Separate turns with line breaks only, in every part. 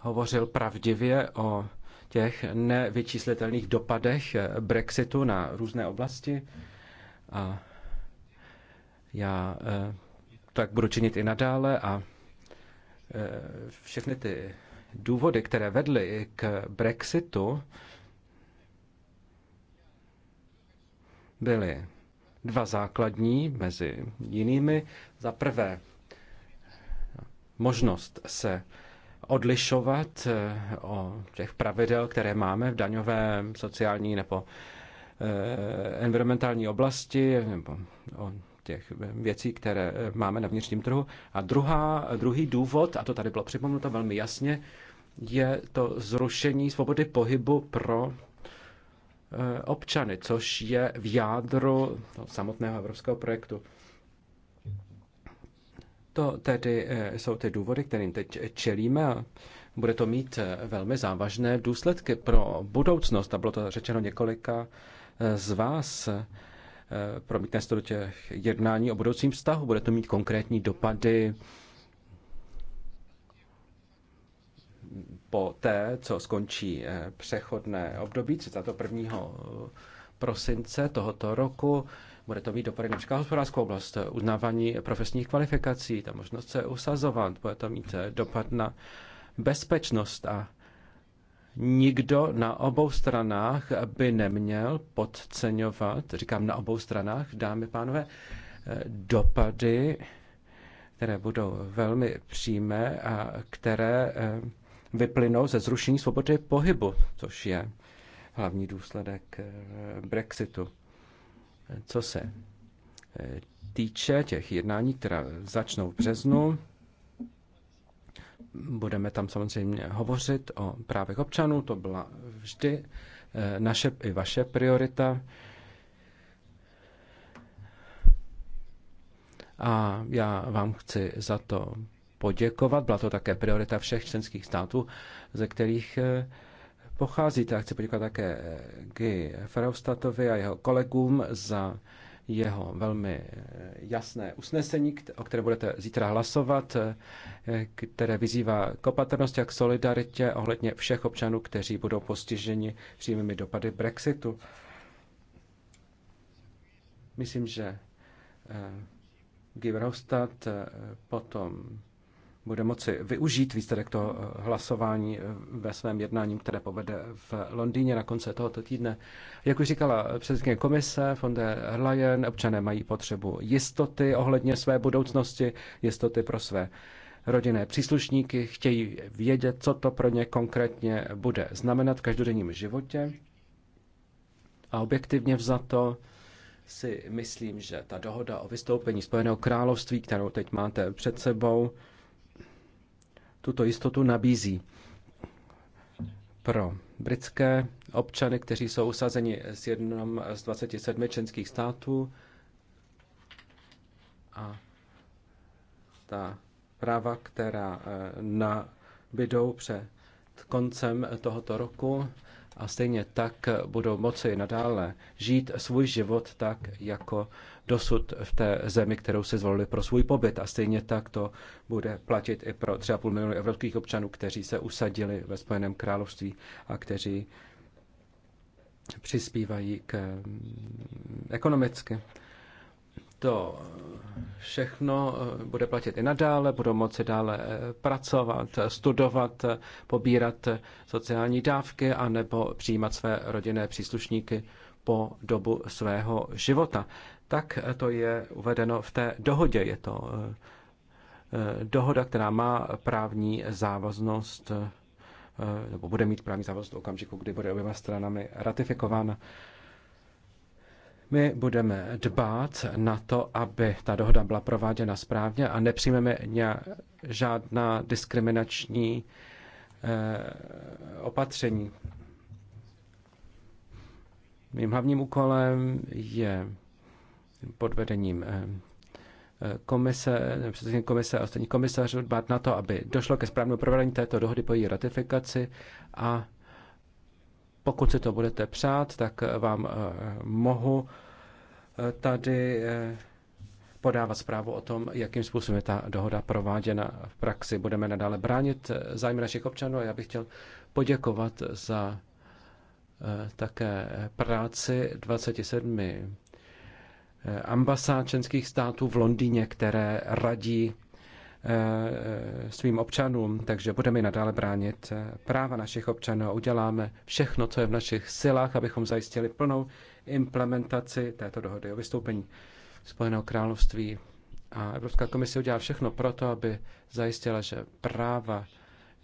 hovořil pravdivě o těch nevyčíslitelných dopadech Brexitu na různé oblasti. A já eh, tak budu činit i nadále a eh, všechny ty důvody, které vedly k Brexitu, byly dva základní mezi jinými. Za prvé, možnost se odlišovat eh, o těch pravidel, které máme v daňové, sociální nebo eh, environmentální oblasti, nebo o těch věcí, které eh, máme na vnitřním trhu. A druhá, druhý důvod, a to tady bylo připomenuto velmi jasně, je to zrušení svobody pohybu pro občany, což je v jádru samotného evropského projektu. To tedy eh, jsou ty důvody, kterým teď čelíme a bude to mít eh, velmi závažné důsledky pro budoucnost. A bylo to řečeno několika eh, z vás promítne se to do těch jednání o budoucím vztahu. Bude to mít konkrétní dopady po té, co skončí přechodné období 31. prosince tohoto roku. Bude to mít dopady například hospodářskou oblast, uznávání profesních kvalifikací, ta možnost se usazovat, bude to mít dopad na bezpečnost a nikdo na obou stranách by neměl podceňovat, říkám na obou stranách, dámy pánové, dopady, které budou velmi přímé a které eh, vyplynou ze zrušení svobody pohybu, což je hlavní důsledek eh, Brexitu. Co se eh, týče těch jednání, která začnou v březnu, budeme tam samozřejmě hovořit o právech občanů, to byla vždy eh, naše i vaše priorita. A já vám chci za to poděkovat. Byla to také priorita všech členských států, ze kterých eh, pocházíte. A chci poděkovat také eh, Guy Ferostatovi a jeho kolegům za jeho velmi eh, jasné usnesení, o které budete zítra hlasovat, eh, které vyzývá k opatrnosti a k solidaritě ohledně všech občanů, kteří budou postiženi přímými dopady Brexitu. Myslím, že Giverhofstadt potom bude moci využít výsledek toho eh, hlasování eh, ve svém jednání, které povede v Londýně na konci tohoto týdne. Jak už říkala předsedkyně komise von der Leyen, občané mají potřebu jistoty ohledně své budoucnosti, jistoty pro své rodinné příslušníky, chtějí vědět, co to pro ně konkrétně bude znamenat v každodenním životě. A objektivně vzato si myslím, že ta dohoda o vystoupení Spojeného království, kterou teď máte před sebou, tuto jistotu nabízí pro britské občany, kteří jsou usazeni z jednom z 27 členských států a ta práva, která eh, nabydou před koncem tohoto roku a stejně tak budou moci nadále žít svůj život tak, jako dosud v té zemi, kterou si zvolili pro svůj pobyt. A stejně tak to bude platit i pro půl milionu evropských občanů, kteří se usadili ve Spojeném království a kteří přispívají k mm, ekonomicky. To všechno eh, bude platit i nadále, budou moci dále eh, pracovat, studovat, pobírat sociální dávky a nebo přijímat své rodinné příslušníky po dobu svého života tak to je uvedeno v té dohodě. Je to eh, eh, dohoda, která má právní závaznost, eh, nebo bude mít právní závaznost v okamžiku, kdy bude oběma stranami ratifikována. My budeme dbát na to, aby ta dohoda byla prováděna správně a nepřijmeme žádná diskriminační opatření. Mým hlavním úkolem je pod vedením eh, eh, komise, komise a ostatní komisařů dbát na to, aby došlo ke správnému provedení této dohody po její ratifikaci a pokud si to budete přát, tak eh, vám mohu tady podávat zprávu o tom, jakým způsobem je ta dohoda prováděna v praxi. Budeme nadále bránit zájmy našich občanů a já bych chtěl poděkovat za také práci 27 Eh, ambasád členských států v Londýně, které radí eh, eh, svým občanům, takže budeme i nadále bránit práva našich občanů a uděláme všechno, co je v našich silách, abychom zajistili plnou implementaci této dohody o vystoupení Spojeného království. A Evropská komise udělá všechno proto, aby zajistila, že práva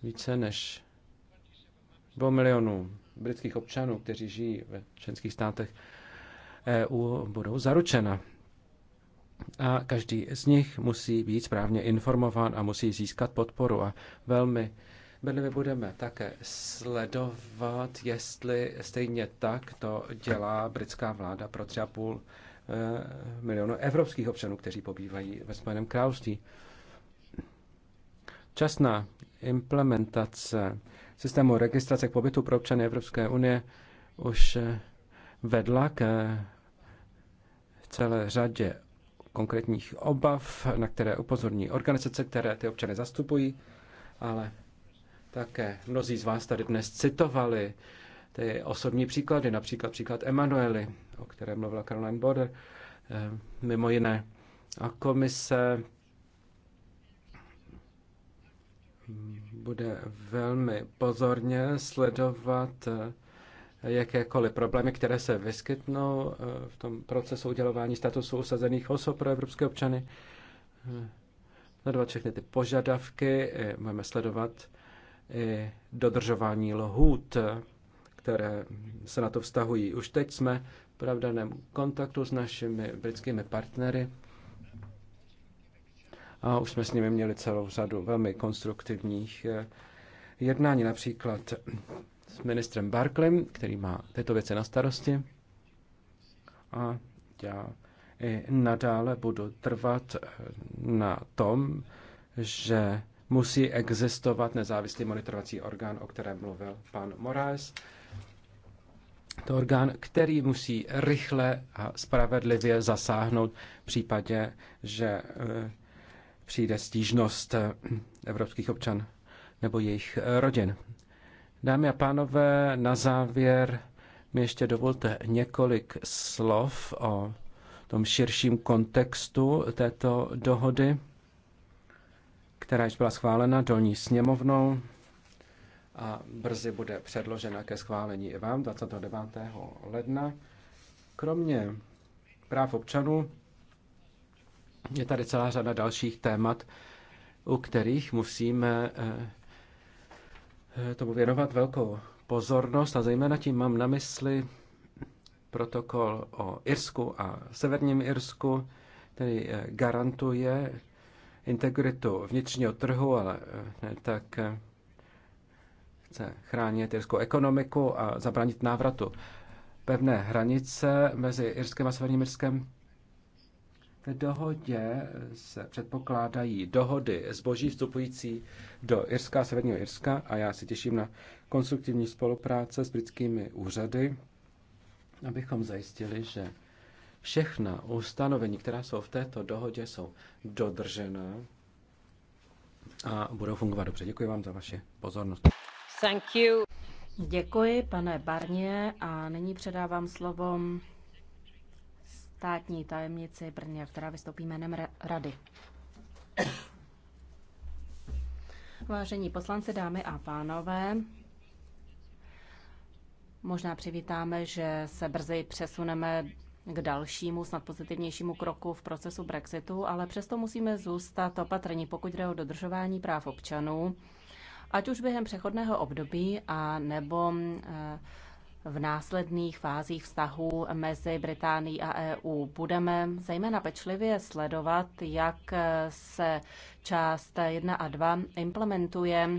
více než 2 milionů britských občanů, kteří žijí ve členských státech, EU budou zaručena. A každý z nich musí být správně informován a musí získat podporu. A velmi my budeme také sledovat, jestli stejně tak to dělá britská vláda pro 3,5 e, milionu evropských občanů, kteří pobývají ve Spojeném království. Časná implementace systému registrace k pobytu pro občany Evropské unie už vedla k v celé řadě konkrétních obav, na které upozorní organizace, které ty občany zastupují, ale také mnozí z vás tady dnes citovali ty osobní příklady, například příklad Emanuely, o které mluvila Caroline Border, eh, mimo jiné. A komise bude velmi pozorně sledovat eh, jakékoliv problémy, které se vyskytnou eh, v tom procesu udělování statusu usazených osob pro evropské občany. Eh, sledovat všechny ty požadavky, eh, budeme sledovat i dodržování lhůt, které se na to vztahují. Už teď jsme v pravdaném kontaktu s našimi britskými partnery a už jsme s nimi měli celou řadu velmi konstruktivních jednání, například s ministrem Barklem, který má této věci na starosti. A já i nadále budu trvat eh, na tom, že musí existovat nezávislý monitorovací orgán, o kterém mluvil pan Moraes. To orgán, který musí rychle a spravedlivě zasáhnout v případě, že eh, přijde stížnost eh, evropských občan nebo jejich rodin. Dámy a pánové, na závěr mi ještě dovolte několik slov o tom širším kontextu této dohody, která již byla schválena dolní sněmovnou a brzy bude předložena ke schválení i vám 29. ledna. Kromě práv občanů je tady celá řada dalších témat, u kterých musíme eh, Eh, tomu věnovat velkou pozornost a zejména tím mám na mysli protokol o Irsku a Severním Irsku, který eh, garantuje integritu vnitřního trhu, ale eh, tak chce chránit irskou ekonomiku a zabránit návratu pevné hranice mezi Irskem a Severním Irskem. V dohodě se předpokládají dohody zboží vstupující do Irska a Severního Irska a já si těším na konstruktivní spolupráce s britskými úřady, abychom zajistili, že všechna ustanovení, která jsou v této dohodě, jsou dodržena a budou fungovat dobře. Děkuji vám za vaši pozornost.
Thank you. Děkuji, pane Barnier, a nyní předávám slovo státní tajemnici Brně, která vystoupí jménem Rady. Vážení poslanci, dámy a pánové, možná přivítáme, že se brzy přesuneme k dalšímu, snad pozitivnějšímu kroku v procesu Brexitu, ale přesto musíme zůstat opatrní, pokud jde o dodržování práv občanů, ať už během přechodného období a nebo eh, v následných fázích vztahů mezi Británií a EU. Budeme zejména pečlivě sledovat, jak se část 1 a 2 implementuje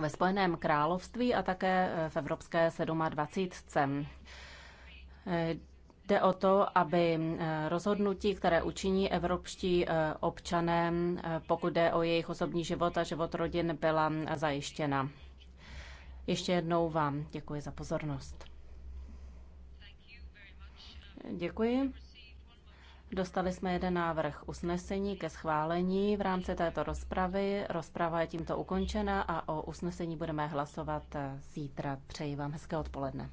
ve Spojeném království a také v Evropské 27. Jde o to, aby rozhodnutí, které učiní evropští e, občané, e, pokud jde o jejich osobní život a život rodin, byla zajištěna. Ještě jednou vám děkuji za pozornost. Děkuji. Dostali jsme jeden návrh usnesení ke schválení v rámci této rozpravy. Rozprava je tímto ukončena a o usnesení budeme hlasovat zítra. Přeji vám hezké odpoledne.